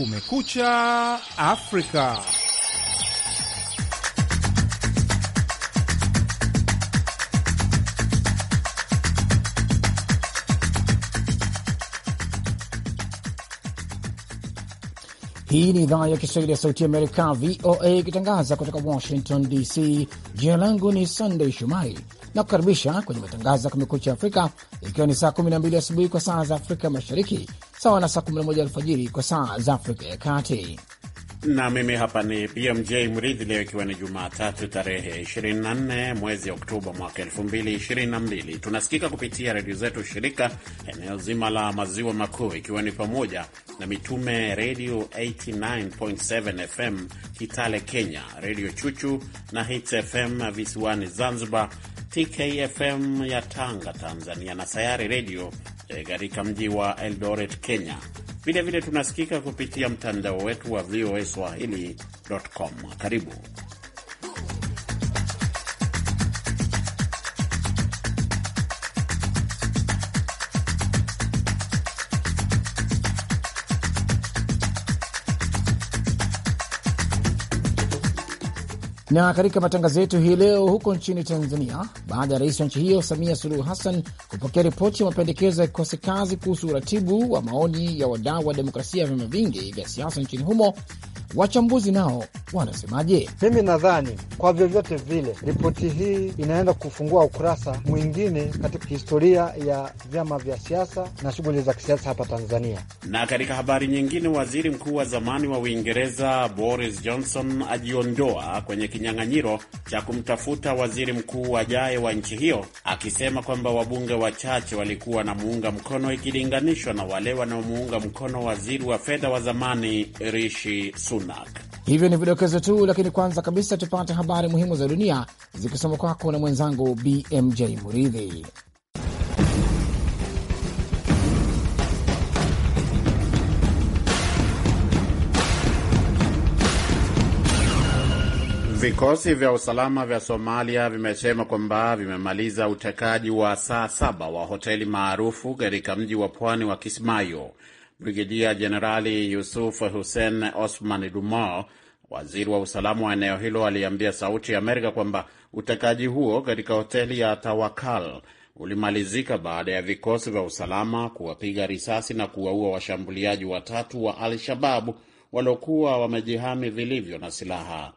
Kumekucha Afrika. Hii ni idhaa ya Kiswahili ya Sauti Amerika, VOA, ikitangaza kutoka Washington DC. Jina langu ni Sandey shumai na kukaribisha kwenye matangazo ya Kumekucha Afrika, ikiwa ni saa 12 asubuhi kwa saa za Afrika Mashariki sawa na saa 11 alfajiri kwa saa za Afrika ya Kati. Na mimi hapa ni PMJ Mridhi, leo ikiwa ni Jumatatu tarehe 24 mwezi Oktoba mwaka 2022. Tunasikika kupitia redio zetu shirika eneo zima la maziwa makuu, ikiwa ni pamoja na Mitume Redio 89.7 FM Kitale Kenya, Redio Chuchu na Hits FM visiwani Zanzibar, TKFM ya Tanga Tanzania, na Sayari Redio E, katika mji wa Eldoret, Kenya. Vilevile tunasikika kupitia mtandao wetu wa VOA Swahili.com. Karibu. Na katika matangazo yetu hii leo, huko nchini Tanzania, baada ya rais wa nchi hiyo Samia Suluhu Hassan kupokea ripoti ya mapendekezo ya kikosi kazi kuhusu uratibu wa maoni ya wadau wa demokrasia ya vyama vingi vya siasa nchini humo, Wachambuzi nao wanasemaje? Mimi nadhani kwa vyovyote vile ripoti hii inaenda kufungua ukurasa mwingine katika historia ya vyama vya siasa na shughuli za kisiasa hapa Tanzania. Na katika habari nyingine, waziri mkuu wa zamani wa Uingereza Boris Johnson ajiondoa kwenye kinyang'anyiro cha kumtafuta waziri mkuu ajaye wa nchi hiyo, akisema kwamba wabunge wachache walikuwa wanamuunga mkono ikilinganishwa na wale wanaomuunga mkono waziri wa fedha wa zamani Rishi Sunak. Sunak. Hivyo ni vidokezo tu, lakini kwanza kabisa tupate habari muhimu za dunia zikisoma kwako na mwenzangu BMJ Muridhi. Vikosi vya usalama vya Somalia vimesema kwamba vimemaliza utekaji wa saa saba wa hoteli maarufu katika mji wa pwani wa Kismayo. Brigedia Jenerali Yusuf Hussein Osman Dumo, waziri wa usalama wa eneo hilo, aliambia Sauti ya Amerika kwamba utekaji huo katika hoteli ya Tawakal ulimalizika baada ya vikosi vya usalama kuwapiga risasi na kuwaua washambuliaji watatu wa Al-Shababu waliokuwa wamejihami vilivyo na silaha.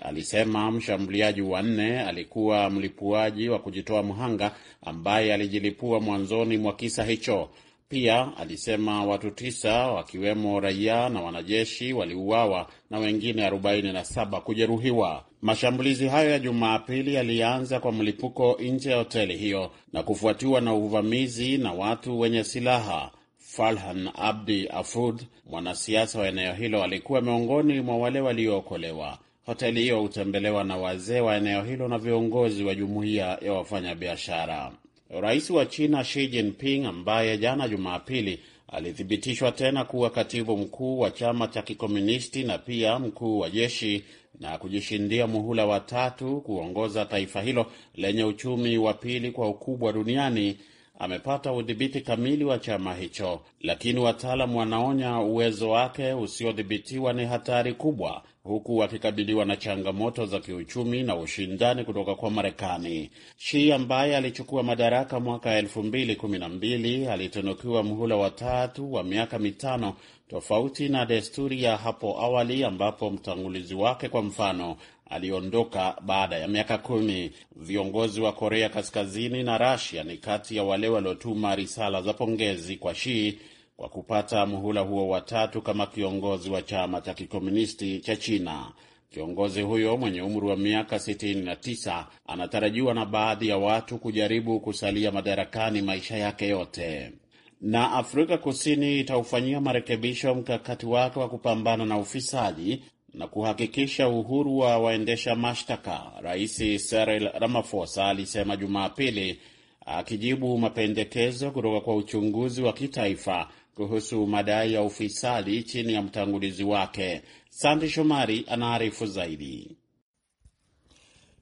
Alisema mshambuliaji wa nne alikuwa mlipuaji wa kujitoa mhanga ambaye alijilipua mwanzoni mwa kisa hicho. Pia alisema watu tisa wakiwemo raia na wanajeshi waliuawa na wengine 47 kujeruhiwa. Mashambulizi hayo ya Jumapili yalianza kwa mlipuko nje ya hoteli hiyo na kufuatiwa na uvamizi na watu wenye silaha. Falhan Abdi Afud, mwanasiasa wa eneo hilo, alikuwa miongoni mwa wale waliookolewa. Hoteli hiyo hutembelewa na wazee wa eneo hilo na viongozi wa jumuiya ya wafanyabiashara. Rais wa China Xi Jinping ambaye jana Jumapili alithibitishwa tena kuwa katibu mkuu wa chama cha kikomunisti na pia mkuu wa jeshi na kujishindia muhula wa tatu kuongoza taifa hilo lenye uchumi wa pili kwa ukubwa duniani amepata udhibiti kamili wa chama hicho, lakini wataalamu wanaonya uwezo wake usiodhibitiwa ni hatari kubwa, huku wakikabiliwa na changamoto za kiuchumi na ushindani kutoka kwa Marekani. Shi ambaye alichukua madaraka mwaka 2012 alitunukiwa mhula wa tatu wa miaka mitano tofauti na desturi ya hapo awali ambapo mtangulizi wake kwa mfano aliondoka baada ya miaka kumi. Viongozi wa Korea Kaskazini na Rasia ni kati ya wale waliotuma risala za pongezi kwa shii kwa kupata muhula huo watatu kama kiongozi wa chama cha kikomunisti cha China. Kiongozi huyo mwenye umri wa miaka 69 anatarajiwa na baadhi ya watu kujaribu kusalia madarakani maisha yake yote. Na Afrika Kusini itaufanyia marekebisho mkakati wake wa kupambana na ufisadi na kuhakikisha uhuru wa waendesha mashtaka, Rais Cyril Ramaphosa alisema Jumapili, akijibu mapendekezo kutoka kwa uchunguzi wa kitaifa kuhusu madai ya ufisadi chini ya mtangulizi wake. Sandi Shomari anaarifu zaidi.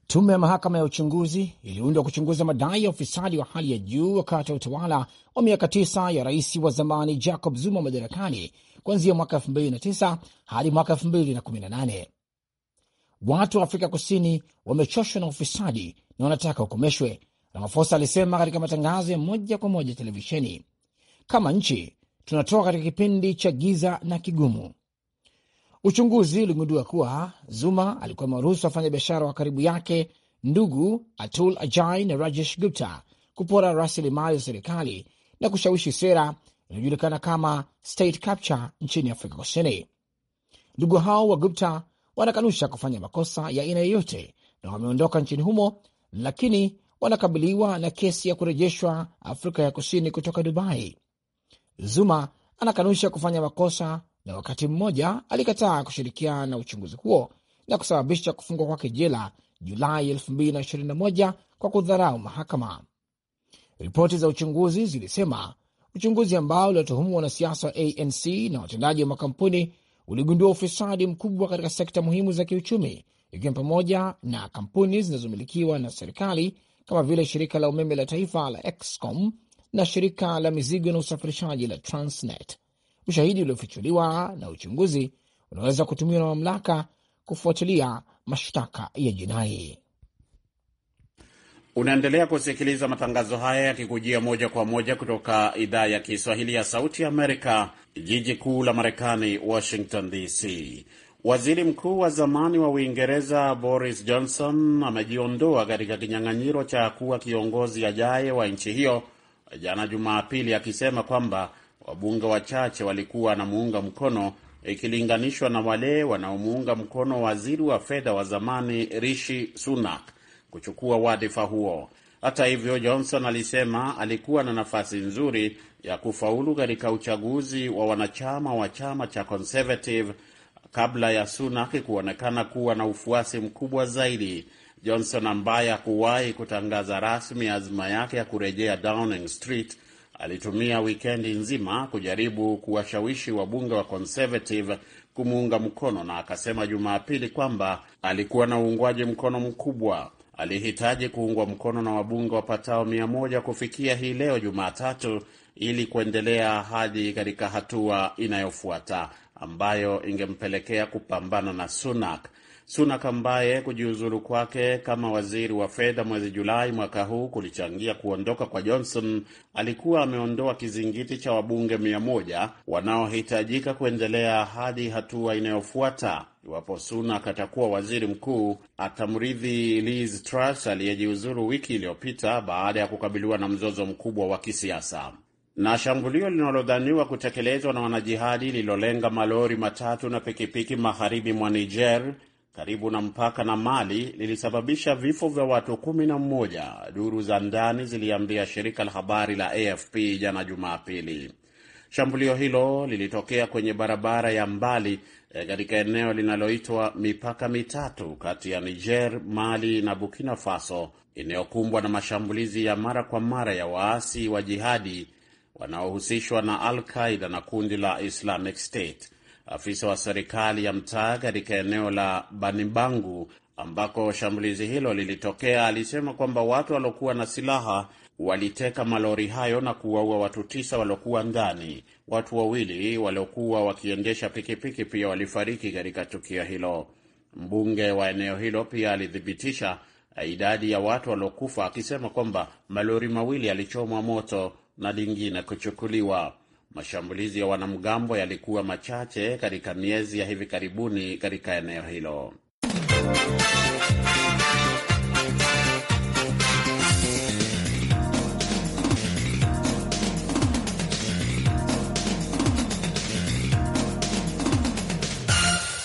Tume ya mahakama ya uchunguzi iliundwa kuchunguza madai ya ufisadi wa hali ya juu wakati wa utawala wa miaka tisa ya rais wa zamani Jacob Zuma madarakani kuanzia mwaka 2009 hadi mwaka 2018. Watu wa Afrika Kusini wamechoshwa na ufisadi na wanataka ukomeshwe, ramafosa alisema katika matangazo ya moja kwa moja televisheni. Kama nchi tunatoka katika kipindi cha giza na kigumu. Uchunguzi uligundua kuwa Zuma alikuwa maruhusu wafanyabiashara wa karibu yake, ndugu Atul Ajai na Rajesh Gupta kupora rasilimali za serikali na kushawishi sera inayojulikana kama state capture nchini Afrika Kusini. Ndugu hao wa Gupta wanakanusha kufanya makosa ya aina yoyote na wameondoka nchini humo, lakini wanakabiliwa na kesi ya kurejeshwa Afrika ya Kusini kutoka Dubai Zuma anakanusha kufanya makosa na wakati mmoja alikataa kushirikiana na uchunguzi huo na kusababisha kufungwa kwake jela Julai 2021 kwa kudharau mahakama. Ripoti za uchunguzi zilisema uchunguzi ambao uliotuhumu wanasiasa wa ANC na watendaji wa makampuni uligundua ufisadi mkubwa katika sekta muhimu za kiuchumi, ikiwa pamoja na kampuni zinazomilikiwa na serikali kama vile shirika la umeme la taifa la excom na shirika la mizigo na usafirishaji la Transnet. Ushahidi uliofichuliwa na uchunguzi unaweza kutumiwa na mamlaka kufuatilia mashtaka ya jinai. Unaendelea kusikiliza matangazo haya yakikujia moja kwa moja kutoka idhaa ya Kiswahili ya Sauti Amerika, jiji kuu la Marekani, Washington DC. Waziri mkuu wa zamani wa Uingereza Boris Johnson amejiondoa katika kinyang'anyiro cha kuwa kiongozi ajaye wa nchi hiyo jana Jumapili akisema kwamba wabunge wachache walikuwa wanamuunga mkono ikilinganishwa na wale wanaomuunga mkono waziri wa fedha wa zamani Rishi Sunak kuchukua wadhifa huo. Hata hivyo, Johnson alisema alikuwa na nafasi nzuri ya kufaulu katika uchaguzi wa wanachama wa chama cha Conservative kabla ya Sunak kuonekana kuwa na ufuasi mkubwa zaidi. Johnson ambaye hakuwahi kutangaza rasmi azma yake ya kurejea Downing Street alitumia wikendi nzima kujaribu kuwashawishi wabunge wa Conservative kumuunga mkono na akasema Jumapili kwamba alikuwa na uungwaji mkono mkubwa. Alihitaji kuungwa mkono na wabunge wapatao mia moja kufikia hii leo Jumatatu ili kuendelea hadi katika hatua inayofuata ambayo ingempelekea kupambana na Sunak. Sunak ambaye kujiuzulu kwake kama waziri wa fedha mwezi Julai mwaka huu kulichangia kuondoka kwa Johnson, alikuwa ameondoa kizingiti cha wabunge mia moja wanaohitajika kuendelea hadi hatua inayofuata. Iwapo Sunak atakuwa waziri mkuu, atamrithi Liz Truss aliyejiuzulu wiki iliyopita baada ya kukabiliwa na mzozo mkubwa wa kisiasa na shambulio linalodhaniwa kutekelezwa na wanajihadi lililolenga malori matatu na pikipiki magharibi mwa Niger karibu na mpaka na Mali lilisababisha vifo vya watu kumi na mmoja, duru za ndani ziliambia shirika la habari la AFP jana Jumapili. Shambulio hilo lilitokea kwenye barabara ya mbali eh, katika eneo linaloitwa mipaka mitatu kati ya Niger, Mali na Burkina Faso, inayokumbwa na mashambulizi ya mara kwa mara ya waasi wa jihadi wanaohusishwa na Al Qaida na kundi la Islamic State afisa wa serikali ya mtaa katika eneo la Banibangu ambako shambulizi hilo lilitokea, alisema kwamba watu waliokuwa na silaha waliteka malori hayo na kuwaua watu tisa waliokuwa ndani. Watu wawili waliokuwa wakiendesha pikipiki pia walifariki katika tukio hilo. Mbunge wa eneo hilo pia alithibitisha idadi ya watu waliokufa, akisema kwamba malori mawili yalichomwa moto na lingine kuchukuliwa. Mashambulizi ya wanamgambo yalikuwa machache katika miezi ya hivi karibuni katika eneo hilo.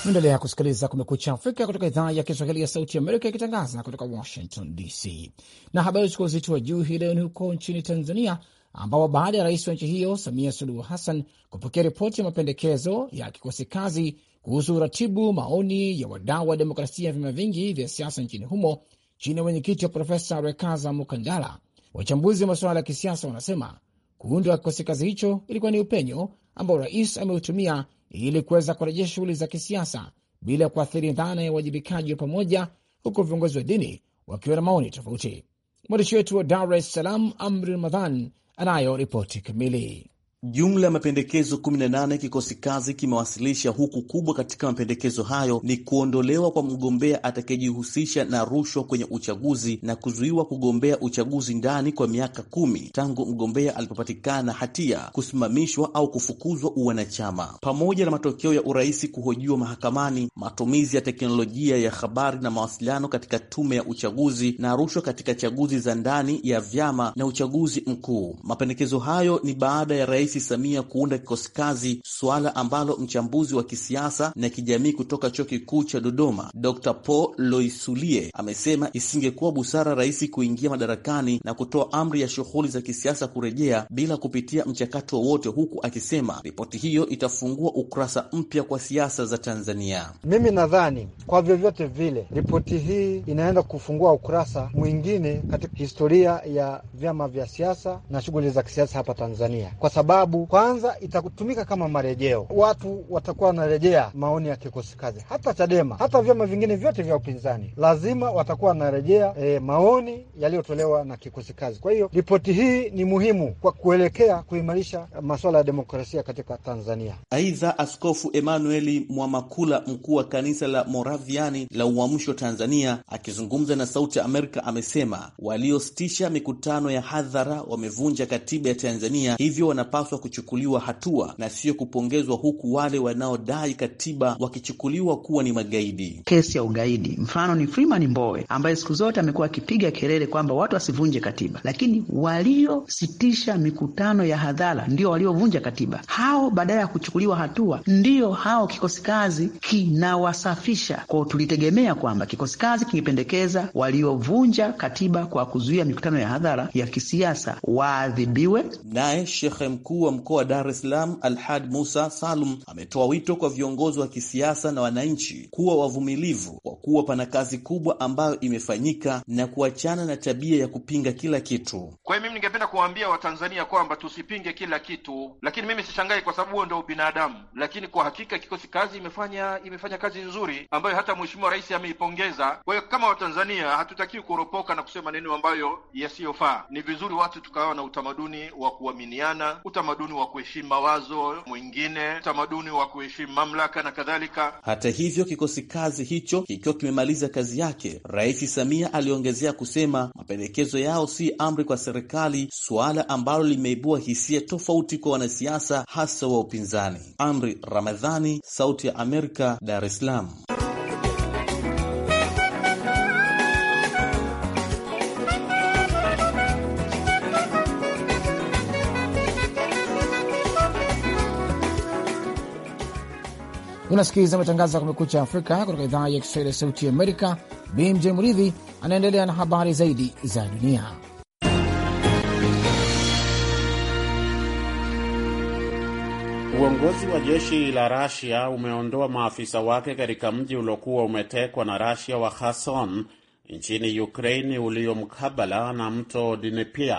Endelea kusikiliza Kumekucha Afrika kutoka idhaa ya Kiswahili ya Sauti Amerika ikitangaza kutoka Washington DC. Na habari zikuwa uzito wa juu hii leo ni huko nchini Tanzania ambapo baada ya rais wa nchi hiyo Samia Suluhu Hassan kupokea ripoti ya mapendekezo ya kikosi kazi kuhusu uratibu maoni ya wadau wa demokrasia ya vyama vingi vya siasa nchini humo chini ya mwenyekiti wa Profesa Rekaza Mukandala, wachambuzi wa masuala ya kisiasa wanasema kuundwa kikosi kazi hicho ilikuwa ni upenyo ambao rais ameutumia ili kuweza kurejesha shughuli za kisiasa bila kuathiri dhana ya uwajibikaji wa pamoja, huku viongozi wa dini wakiwa na maoni tofauti. Mwandishi wetu wa Dar es Salaam, Amri Ramadhan, anayo ripoti kamili. Jumla ya mapendekezo 18 kikosi kazi kimewasilisha, huku kubwa katika mapendekezo hayo ni kuondolewa kwa mgombea atakayejihusisha na rushwa kwenye uchaguzi na kuzuiwa kugombea uchaguzi ndani kwa miaka kumi tangu mgombea alipopatikana hatia, kusimamishwa au kufukuzwa uwanachama, pamoja na matokeo ya urais kuhojiwa mahakamani, matumizi ya teknolojia ya habari na mawasiliano katika tume ya uchaguzi na rushwa katika chaguzi za ndani ya vyama na uchaguzi mkuu. Mapendekezo hayo ni baada ya rais Rais Samia kuunda kikosi kazi, suala ambalo mchambuzi wa kisiasa na kijamii kutoka Chuo Kikuu cha Dodoma Dr. Paul Loisulie amesema isingekuwa busara rais kuingia madarakani na kutoa amri ya shughuli za kisiasa kurejea bila kupitia mchakato wowote, huku akisema ripoti hiyo itafungua ukurasa mpya kwa siasa za Tanzania. Mimi nadhani kwa vyovyote vile ripoti hii inaenda kufungua ukurasa mwingine katika historia ya vyama vya siasa na shughuli za kisiasa hapa Tanzania kwa sababu sababu kwanza itatumika kama marejeo, watu watakuwa wanarejea maoni ya kikosi kazi, hata Chadema, hata vyama vingine vyote vya upinzani lazima watakuwa wanarejea e, maoni yaliyotolewa na kikosi kazi. Kwa hiyo ripoti hii ni muhimu kwa kuelekea kuimarisha masuala ya demokrasia katika Tanzania. Aidha, Askofu Emmanuel Mwamakula, mkuu wa kanisa la Moraviani la Uamsho Tanzania, akizungumza na Sauti ya Amerika amesema waliositisha mikutano ya hadhara wamevunja katiba ya Tanzania, hivyo wanapaswa wanapaswa kuchukuliwa hatua na sio kupongezwa, huku wale wanaodai katiba wakichukuliwa kuwa ni magaidi. Kesi ya ugaidi mfano ni Freeman Mbowe ambaye siku zote amekuwa akipiga kelele kwamba watu wasivunje katiba, lakini waliositisha mikutano ya hadhara ndio waliovunja katiba. Hao badala ya kuchukuliwa hatua, ndiyo hao kikosikazi kinawasafisha kwao. Tulitegemea kwamba kikosikazi kingependekeza waliovunja katiba kwa kuzuia mikutano ya hadhara ya kisiasa waadhibiwe. Naye shehe mkuu mkuu wa mkoa wa Dar es Salaam Alhad Musa Salum ametoa wito kwa viongozi wa kisiasa na wananchi kuwa wavumilivu kwa kuwa pana kazi kubwa ambayo imefanyika na kuachana na tabia ya kupinga kila kitu. Kwa hiyo mimi ningependa kuwaambia Watanzania kwamba tusipinge kila kitu, lakini mimi sishangai kwa sababu huo ndio ubinadamu. Lakini kwa hakika kikosi kazi imefanya imefanya kazi nzuri ambayo hata Mheshimiwa Rais ameipongeza. Kwa hiyo kama Watanzania hatutakiwi kuropoka na kusema maneno ambayo yasiyofaa. Ni vizuri watu tukawa na utamaduni wa kuaminiana utamaduni wa kuheshimu mawazo mwingine, utamaduni wa kuheshimu mamlaka na kadhalika. Hata hivyo, kikosi kazi hicho kikiwa kimemaliza kazi yake, Rais Samia aliongezea kusema mapendekezo yao si amri kwa serikali, suala ambalo limeibua hisia tofauti kwa wanasiasa, hasa wa upinzani. Amri Ramadhani, Sauti ya Amerika, Dar es Salaam. Unasikiliza matangazo ya Kumekucha Afrika kutoka idhaa ya Kiswahili ya Sauti ya Amerika. BMJ Muridhi anaendelea na habari zaidi za dunia. Uongozi wa jeshi la Rasia umeondoa maafisa wake katika mji uliokuwa umetekwa na Rasia wa Kherson nchini Ukraini ulio mkabala na mto Dnipro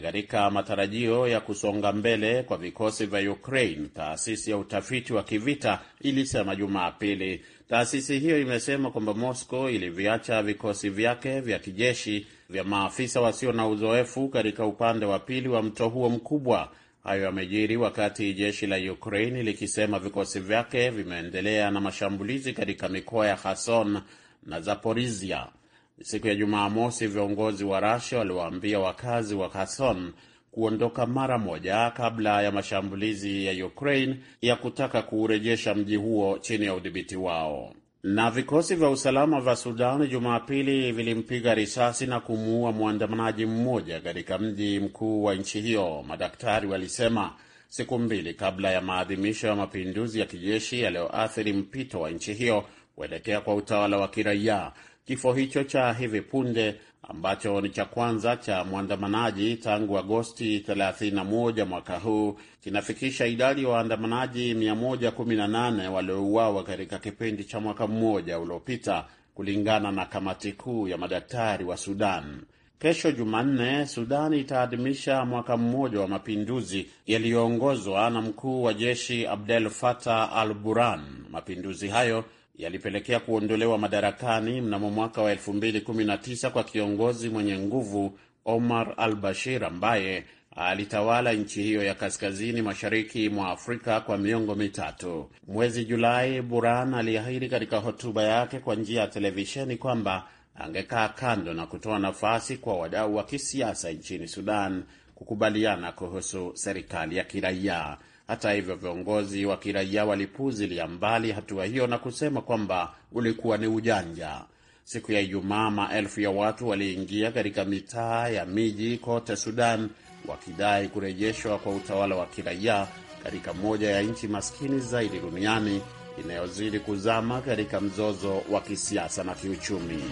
katika matarajio ya kusonga mbele kwa vikosi vya Ukraine, taasisi ya utafiti wa kivita ilisema Jumapili. Taasisi hiyo imesema kwamba Moscow iliviacha vikosi vyake vya kijeshi vya maafisa wasio na uzoefu katika upande wa pili wa mto huo mkubwa. Hayo yamejiri wakati jeshi la Ukraine likisema vikosi vyake vimeendelea na mashambulizi katika mikoa ya Kherson na Zaporizhia. Siku ya Jumamosi, viongozi wa Rasia waliwaambia wakazi wa Kherson kuondoka mara moja kabla ya mashambulizi ya Ukraine ya kutaka kuurejesha mji huo chini ya udhibiti wao. Na vikosi vya usalama vya Sudan Jumapili vilimpiga risasi na kumuua mwandamanaji mmoja katika mji mkuu wa nchi hiyo, madaktari walisema siku mbili kabla ya maadhimisho ya mapinduzi ya kijeshi yaliyoathiri mpito wa nchi hiyo kuelekea kwa utawala wa kiraia Kifo hicho cha hivi punde ambacho ni cha kwanza cha mwandamanaji tangu Agosti 31 mwaka huu kinafikisha idadi ya wa waandamanaji 118 waliouawa katika kipindi cha mwaka mmoja uliopita, kulingana na kamati kuu ya madaktari wa Sudan. Kesho Jumanne, Sudan itaadhimisha mwaka mmoja wa mapinduzi yaliyoongozwa na mkuu wa jeshi Abdel Fattah al Burhan. Mapinduzi hayo yalipelekea kuondolewa madarakani mnamo mwaka wa 2019 kwa kiongozi mwenye nguvu Omar al-Bashir ambaye alitawala nchi hiyo ya kaskazini mashariki mwa Afrika kwa miongo mitatu. Mwezi Julai, buran aliahidi katika hotuba yake kwa njia ya televisheni kwamba angekaa kando na kutoa nafasi kwa wadau wa kisiasa nchini Sudan kukubaliana kuhusu serikali ya kiraia. Hata hivyo, viongozi wa kiraia walipuzilia mbali hatua hiyo na kusema kwamba ulikuwa ni ujanja. Siku ya Ijumaa, maelfu ya watu waliingia katika mitaa ya miji kote Sudan wakidai kurejeshwa kwa utawala wa kiraia katika moja ya nchi maskini zaidi duniani inayozidi kuzama katika mzozo wa kisiasa na kiuchumi.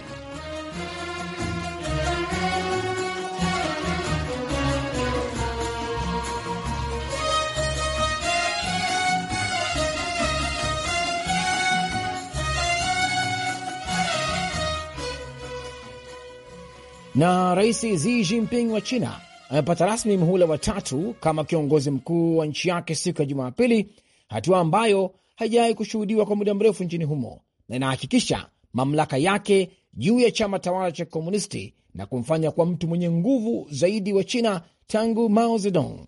Na Rais Xi Jinping wa China amepata rasmi muhula wa tatu kama kiongozi mkuu wa nchi yake siku ya Jumapili, hatua ambayo haijawahi kushuhudiwa kwa muda mrefu nchini humo na inahakikisha mamlaka yake juu ya chama tawala cha kikomunisti na kumfanya kwa mtu mwenye nguvu zaidi wa China tangu Mao Zedong.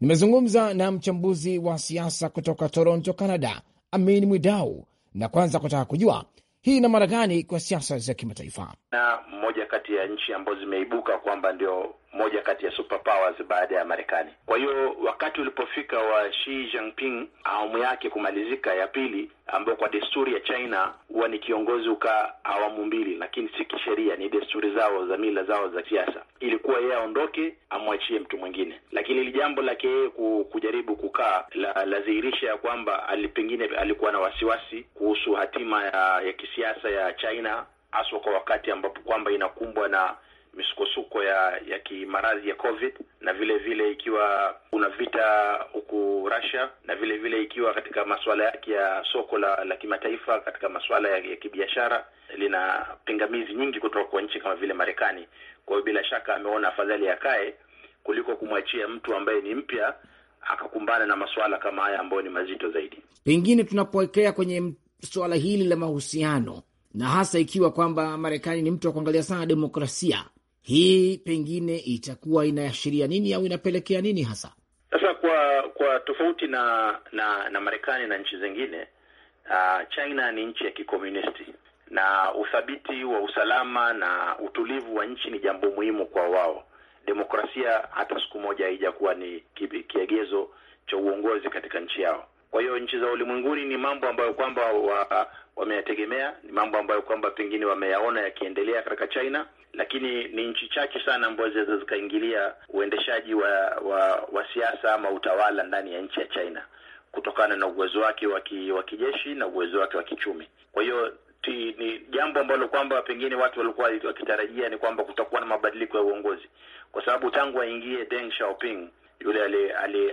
Nimezungumza na mchambuzi wa siasa kutoka Toronto, Canada, Amin Mwidau, na kwanza kutaka kujua hii ina maana gani kwa siasa za kimataifa? Na moja kati ya nchi ambazo zimeibuka kwamba ndio moja kati ya superpowers baada ya Marekani. Kwa hiyo wakati ulipofika wa Xi Jinping awamu yake kumalizika ya pili, ambayo kwa desturi ya China huwa ni kiongozi ukaa awamu mbili, lakini si kisheria, ni desturi zao za mila zao za siasa, ilikuwa yeye aondoke, amwachie mtu mwingine. Lakini ili jambo lake yeye kujaribu kukaa la, ladhihirisha ya kwamba pengine alikuwa na wasiwasi kuhusu hatima ya, ya kisiasa ya China haswa kwa wakati ambapo kwamba inakumbwa na misukosuko ya ya kimaradhi ya COVID na vile vile ikiwa kuna vita huku Russia na vile vile ikiwa katika masuala yake ya soko la, la kimataifa katika masuala ya, ya kibiashara lina pingamizi nyingi kutoka kwa nchi kama vile Marekani. Kwa hiyo bila shaka ameona afadhali yakae kuliko kumwachia mtu ambaye ni mpya akakumbana na masuala kama haya ambayo ni mazito zaidi. Pengine tunapoelekea kwenye suala hili la mahusiano na hasa ikiwa kwamba Marekani ni mtu wa kuangalia sana demokrasia hii pengine itakuwa inaashiria nini au inapelekea nini hasa? Sasa kwa kwa tofauti na na, na Marekani na nchi zingine uh, China ni nchi ya kikomunisti na uthabiti wa usalama na utulivu wa nchi ni jambo muhimu kwa wao. Demokrasia hata siku moja haijakuwa ni kiegezo cha uongozi katika nchi yao. Kwa hiyo nchi za ulimwenguni ni mambo ambayo kwamba wameyategemea, ni mambo ambayo kwamba pengine wameyaona yakiendelea katika China, lakini ni nchi chache sana ambazo zinaweza zikaingilia uendeshaji wa wa, wa siasa ama utawala ndani ya nchi ya China kutokana na uwezo wake wa kijeshi na uwezo wake wa kichumi. Kwa hiyo ni jambo ambalo kwamba pengine watu walikuwa wakitarajia ni kwamba kutakuwa na mabadiliko ya uongozi, kwa sababu tangu aingie Deng Xiaoping yule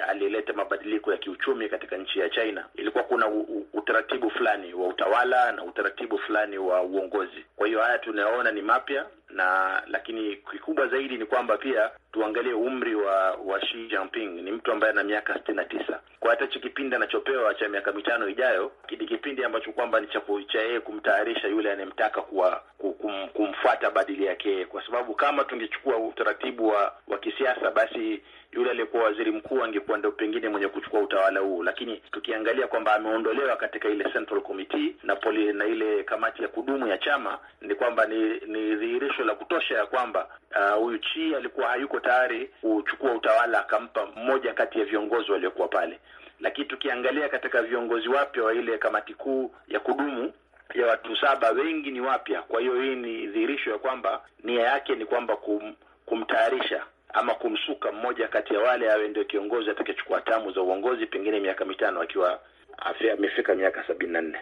aliyeleta mabadiliko ya kiuchumi katika nchi ya China, ilikuwa kuna u, utaratibu fulani wa utawala na utaratibu fulani wa uongozi. Kwa hiyo haya tunayoona ni mapya na, lakini kikubwa zaidi ni kwamba pia tuangalie umri wa wa Xi Jinping. Ni mtu ambaye ana miaka sitini na tisa kwa hatacho kipindi anachopewa cha miaka mitano ijayo ni kipindi ambacho kwamba ni cha yeye kumtayarisha yule anayemtaka kuwa kum, kumfuata badili yake kwa sababu kama tungechukua utaratibu wa wa kisiasa basi yule aliyekuwa waziri mkuu angekuwa ndio pengine mwenye kuchukua utawala huu, lakini tukiangalia kwamba ameondolewa katika ile Central Committee na poli, na ile kamati ya kudumu ya chama, ni kwamba ni, ni dhihirisho la kutosha ya kwamba uh, huyu uh, Chi alikuwa hayuko tayari kuchukua utawala akampa mmoja kati ya viongozi waliokuwa pale. Lakini tukiangalia katika viongozi wapya wa ile kamati kuu ya kudumu ya watu saba, wengi ni wapya. Kwa hiyo hii ni dhihirisho ya kwamba nia yake ni kwamba kum, kumtayarisha ama kumsuka mmoja kati ya wale awe ndio kiongozi atakayechukua hatamu za uongozi, pengine miaka mitano akiwa amefika miaka sabini na nne.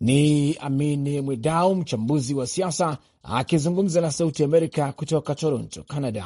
Ni Amin Mwidau, mchambuzi wa siasa akizungumza na Sauti Amerika kutoka Toronto, Canada.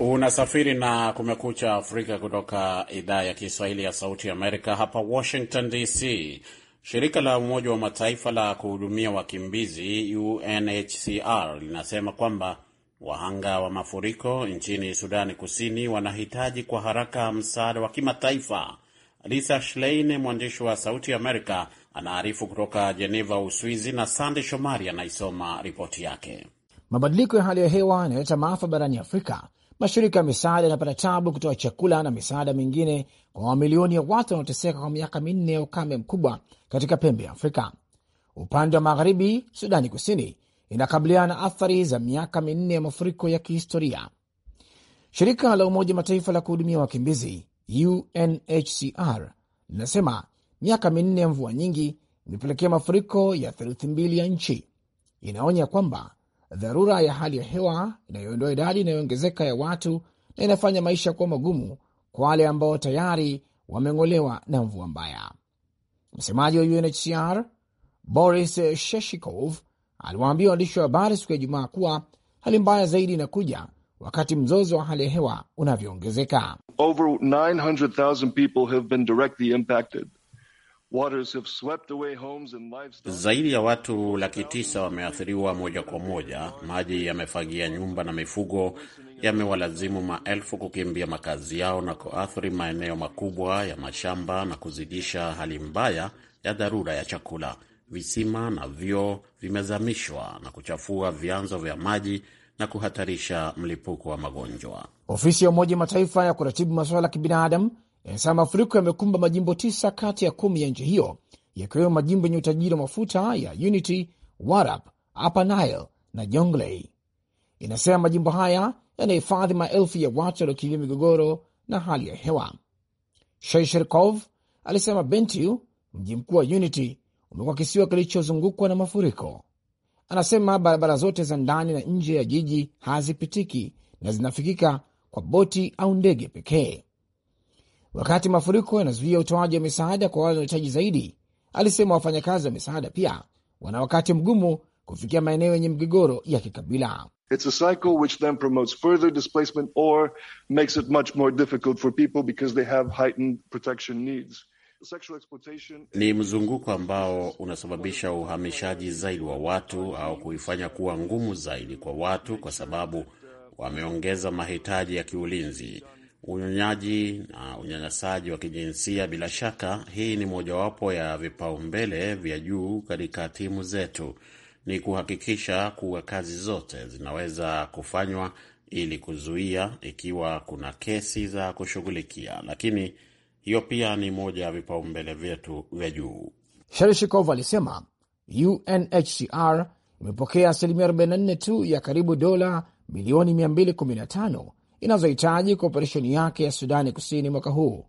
Unasafiri na Kumekucha Afrika kutoka idhaa ya Kiswahili ya Sauti Amerika, hapa Washington DC. Shirika la Umoja wa Mataifa la kuhudumia wakimbizi UNHCR linasema kwamba wahanga wa mafuriko nchini Sudani Kusini wanahitaji kwa haraka msaada wa kimataifa. Lisa Schlein, mwandishi wa Sauti Amerika, anaarifu kutoka Jeneva, Uswizi, na Sande Shomari anaisoma ripoti yake. Mabadiliko ya hali ya hewa yanaleta maafa barani Afrika. Mashirika ya misaada yanapata tabu kutoa chakula na misaada mingine kwa mamilioni ya watu wanaoteseka kwa miaka minne ya ukame mkubwa katika pembe ya Afrika. Upande wa magharibi, Sudani Kusini inakabiliana na athari za miaka minne ya mafuriko ya kihistoria. Shirika la Umoja Mataifa la kuhudumia wakimbizi UNHCR linasema miaka minne ya mvua nyingi imepelekea mafuriko ya theluthi mbili ya nchi. Inaonya kwamba dharura ya hali ya hewa inayoondoa idadi inayoongezeka ya watu na inafanya maisha kuwa magumu kwa wale ambao tayari wameng'olewa na mvua mbaya. Msemaji wa UNHCR Boris Sheshikov aliwaambia waandishi wa habari siku ya Ijumaa kuwa hali mbaya zaidi inakuja wakati mzozo wa hali ya hewa unavyoongezeka. Over 900,000 people have been directly impacted. Zaidi ya watu laki tisa wameathiriwa moja kwa moja. Maji yamefagia nyumba na mifugo, yamewalazimu maelfu kukimbia makazi yao na kuathiri maeneo makubwa ya mashamba na kuzidisha hali mbaya ya dharura ya chakula. Visima na vyoo vimezamishwa na kuchafua vyanzo vya maji na kuhatarisha mlipuko wa magonjwa. Ofisi ya Umoja Mataifa ya kuratibu masuala ya kibinadamu inasema mafuriko yamekumba majimbo tisa kati ya kumi ya nchi hiyo yakiwemo majimbo yenye utajiri wa mafuta ya Unity, Warab, Upper Nile na Jonglei. Inasema majimbo haya yanahifadhi maelfu ya watu waliokimbia migogoro na hali ya hewa. Sheisherkov alisema Bentiu, mji mkuu wa Unity, umekuwa kisiwa kilichozungukwa na mafuriko. Anasema barabara zote za ndani na nje ya jiji hazipitiki na zinafikika kwa boti au ndege pekee wakati mafuriko yanazuia utoaji wa misaada kwa wale wanahitaji zaidi. Alisema wafanyakazi wa misaada pia wana wakati mgumu kufikia maeneo yenye migogoro ya kikabila. Ni mzunguko ambao unasababisha uhamishaji zaidi wa watu au kuifanya kuwa ngumu zaidi kwa watu, kwa sababu wameongeza mahitaji ya kiulinzi unyonyaji na unyanyasaji wa kijinsia. Bila shaka, hii ni mojawapo ya vipaumbele vya juu katika timu zetu, ni kuhakikisha kuwa kazi zote zinaweza kufanywa ili kuzuia ikiwa kuna kesi za kushughulikia, lakini hiyo pia ni moja ya vipaumbele vyetu vya juu. Sherishikov alisema UNHCR imepokea asilimia 44 tu ya karibu dola milioni 215 inazohitaji kwa operesheni yake ya Sudani Kusini mwaka huu.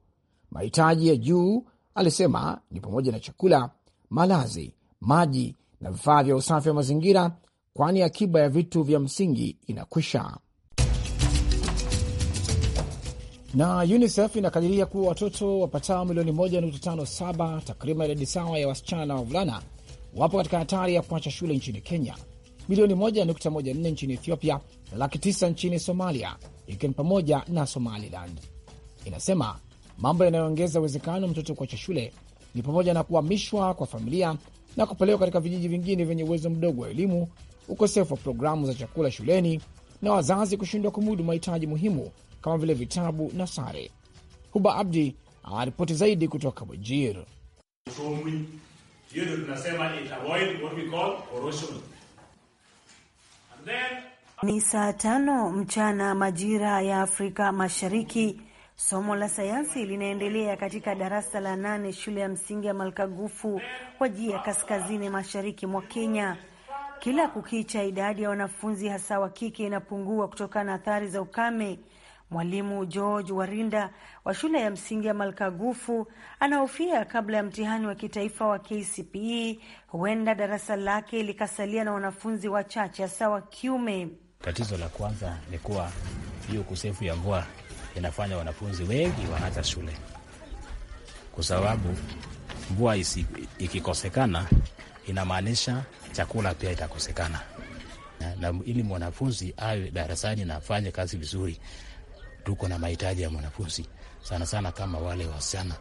Mahitaji ya juu, alisema, ni pamoja na chakula, malazi, maji na vifaa vya usafi wa mazingira, kwani akiba ya vitu vya msingi inakwisha. Na UNICEF inakadiria kuwa watoto wapatao milioni 1.57 takriban idadi sawa ya wasichana na wavulana wapo katika hatari ya kuacha shule nchini Kenya, milioni 1.14 nchini Ethiopia na laki 9 nchini Somalia, ikiwa ni pamoja na Somaliland. Inasema mambo yanayoongeza uwezekano mtoto kuacha shule ni pamoja na kuhamishwa kwa familia na kupelekwa katika vijiji vingine vyenye uwezo mdogo wa elimu, ukosefu wa programu za chakula shuleni na wazazi kushindwa kumudu mahitaji muhimu kama vile vitabu na sare. Huba Abdi anaripoti zaidi kutoka Wajir. Tunasema it avoid what we call corrosion. And then ni saa tano mchana majira ya Afrika Mashariki. Somo la sayansi linaendelea katika darasa la nane shule ya msingi ya Malkagufu kwa ya kaskazini mashariki mwa Kenya. Kila kukicha, idadi ya wanafunzi hasa wa kike inapungua kutokana na athari za ukame. Mwalimu George Warinda wa shule ya msingi ya Malkagufu anahofia kabla ya mtihani wa kitaifa wa KCPE huenda darasa lake likasalia na wanafunzi wachache hasa wa kiume. Tatizo la kwanza ni kuwa hiyo ukosefu ya mvua inafanya wanafunzi wengi wanaacha shule, kwa sababu mvua ikikosekana inamaanisha chakula pia itakosekana, na ili mwanafunzi awe darasani na afanye kazi vizuri, tuko na mahitaji ya mwanafunzi sana sana, kama wale wasichana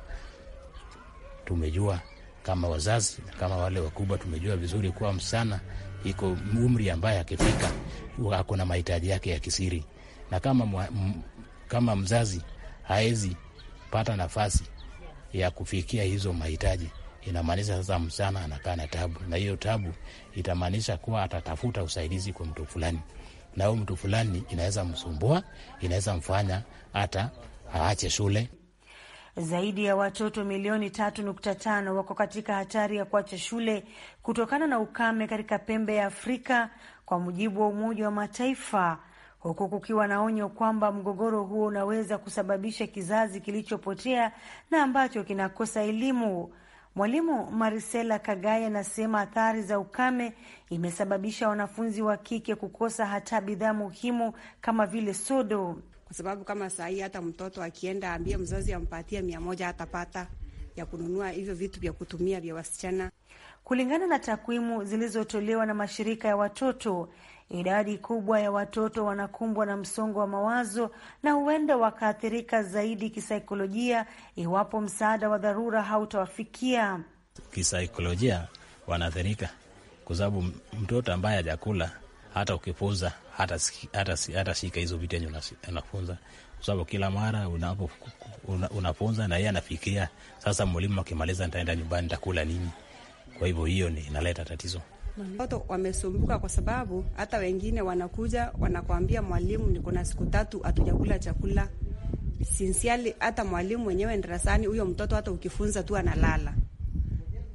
tumejua, kama wazazi, kama wale wakubwa tumejua vizuri kuwa msichana iko umri ambaye akifika ako na mahitaji yake ya kisiri, na kama, m, kama mzazi hawezi pata nafasi ya kufikia hizo mahitaji inamaanisha sasa msichana anakaa na tabu, na hiyo tabu itamaanisha kuwa atatafuta usaidizi kwa mtu fulani, na huyo mtu fulani inaweza msumbua, inaweza mfanya hata aache shule. Zaidi ya watoto milioni 3.5 wako katika hatari ya kuacha shule kutokana na ukame katika pembe ya Afrika, kwa mujibu wa Umoja wa Mataifa, huku kukiwa na onyo kwamba mgogoro huo unaweza kusababisha kizazi kilichopotea na ambacho kinakosa elimu. Mwalimu Marisela kagai anasema athari za ukame imesababisha wanafunzi wa kike kukosa hata bidhaa muhimu kama vile sodo sababu kama saa hii hata mtoto akienda ambie mzazi ampatie mia moja atapata ya kununua hivyo vitu vya kutumia vya wasichana. Kulingana na takwimu zilizotolewa na mashirika ya watoto, idadi kubwa ya watoto wanakumbwa na msongo wa mawazo na huenda wakaathirika zaidi kisaikolojia iwapo msaada wa dharura hautawafikia. Kisaikolojia wanaathirika kwa sababu mtoto ambaye hajakula hata ukipuza hatashika hizo vitu anafunza, unafunza, sababu kila mara unafunza na yeye anafikiria, sasa mwalimu akimaliza nitaenda nyumbani nitakula nini? Kwa hivyo hiyo ni inaleta tatizo. Watoto wamesumbuka kwa sababu hata wengine wanakuja wanakwambia, mwalimu, niko na siku tatu hatujakula chakula sinsiali. Hata mwalimu mwenyewe ndarasani, huyo mtoto hata ukifunza tu analala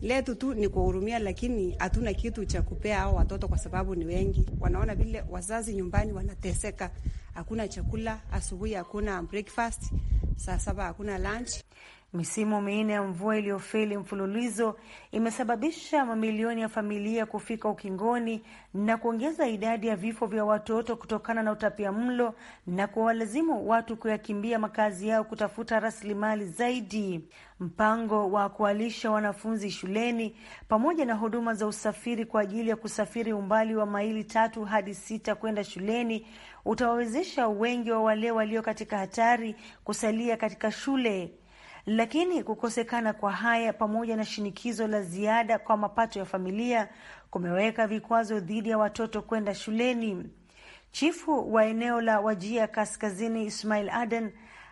letu tu ni kuwahurumia, lakini hatuna kitu cha kupea hao watoto kwa sababu ni wengi. Wanaona vile wazazi nyumbani wanateseka, hakuna chakula asubuhi, hakuna breakfast, saa saba hakuna lunch. Misimu minne ya mvua iliyofeli mfululizo imesababisha mamilioni ya familia kufika ukingoni na kuongeza idadi ya vifo vya watoto kutokana na utapia mlo na kuwalazimu watu kuyakimbia makazi yao kutafuta rasilimali zaidi. Mpango wa kuwalisha wanafunzi shuleni pamoja na huduma za usafiri kwa ajili ya kusafiri umbali wa maili tatu hadi sita kwenda shuleni utawawezesha wengi wa wale walio katika hatari kusalia katika shule. Lakini kukosekana kwa haya pamoja na shinikizo la ziada kwa mapato ya familia kumeweka vikwazo dhidi ya watoto kwenda shuleni. Chifu wa eneo la Wajia Kaskazini, Ismail Aden,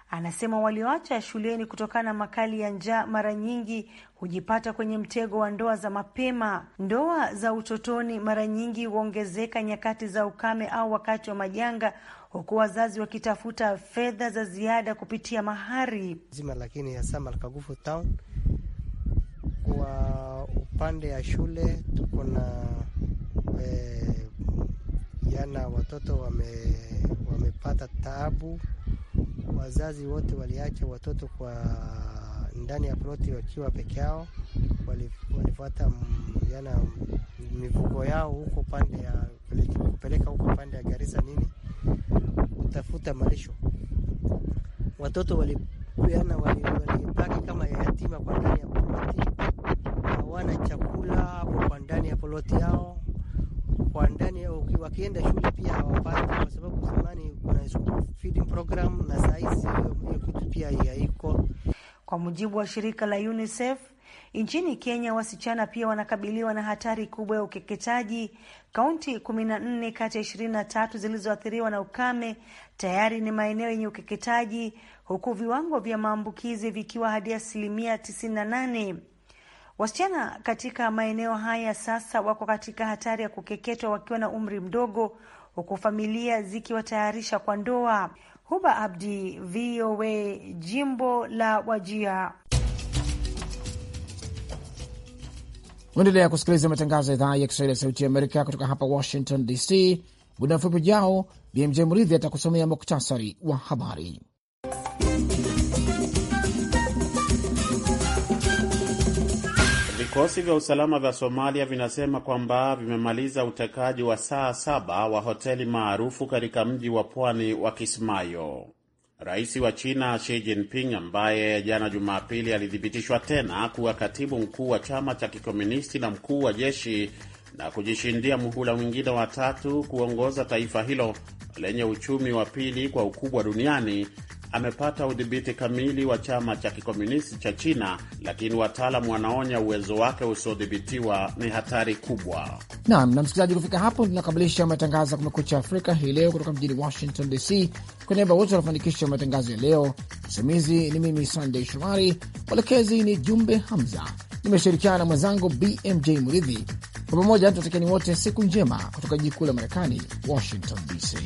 anasema walioacha shuleni kutokana na makali ya njaa mara nyingi hujipata kwenye mtego wa ndoa za mapema. Ndoa za utotoni mara nyingi huongezeka nyakati za ukame au wakati wa majanga, huku wazazi wakitafuta fedha za ziada kupitia mahari zima, lakini hasa Malkagufu Town kwa upande ya shule tuko na e, yana watoto wame, wamepata taabu. Wazazi wote waliacha watoto kwa ndani ya ploti wakiwa peke yao, walifuata yana mifugo yao huko pande ya kupeleka huko pande ya Garissa nini kutafuta malisho. Watoto walipeana walibaki kama yatima kwa ndani ya ploti, hawana chakula hapo kwa ndani ya ploti yao kwa ndani wakienda shule pia hawapati, kwa sababu zamani kuna school feeding program na saa hizi hiyo kitu pia haiko. Kwa mujibu wa shirika la UNICEF nchini Kenya, wasichana pia wanakabiliwa na hatari kubwa ya ukeketaji. Kaunti kumi kati ya 23 zilizoathiriwa na ukame tayari ni maeneo yenye ukeketaji, huku viwango vya maambukizi vikiwa hadi asilimia 98 Wasichana katika maeneo haya sasa wako katika hatari ya kukeketwa wakiwa na umri mdogo, huku familia zikiwatayarisha kwa ndoa. Huba Abdi, VOA, jimbo la Wajia. Uendelea kusikiliza matangazo ya idhaa ya Kiswahili ya Sauti ya Amerika kutoka hapa Washington DC. Muda mfupi ujao, BMJ Mridhi atakusomea muktasari wa habari. Vikosi vya usalama vya Somalia vinasema kwamba vimemaliza utekaji wa saa saba wa hoteli maarufu katika mji wa pwani wa Kismayo. Rais wa China Xi Jinping, ambaye jana Jumapili alithibitishwa tena kuwa katibu mkuu wa chama cha kikomunisti na mkuu wa jeshi na kujishindia muhula mwingine wa tatu kuongoza taifa hilo lenye uchumi wa pili kwa ukubwa duniani amepata udhibiti kamili wa chama cha kikomunisti cha China, lakini wataalamu wanaonya uwezo wake usiodhibitiwa ni hatari kubwa. Naam, na msikilizaji, kufika hapo tunakamilisha matangazo ya Kumekucha Afrika hii leo kutoka mjini Washington DC. Kwa niaba wote wanafanikisha matangazo ya leo, msimamizi ni mimi Sandey Shomari, mwelekezi ni Jumbe Hamza, nimeshirikiana na mwenzangu BMJ Muridhi. Kwa pamoja tunatakieni wote siku njema kutoka jiji kuu la Marekani, Washington DC.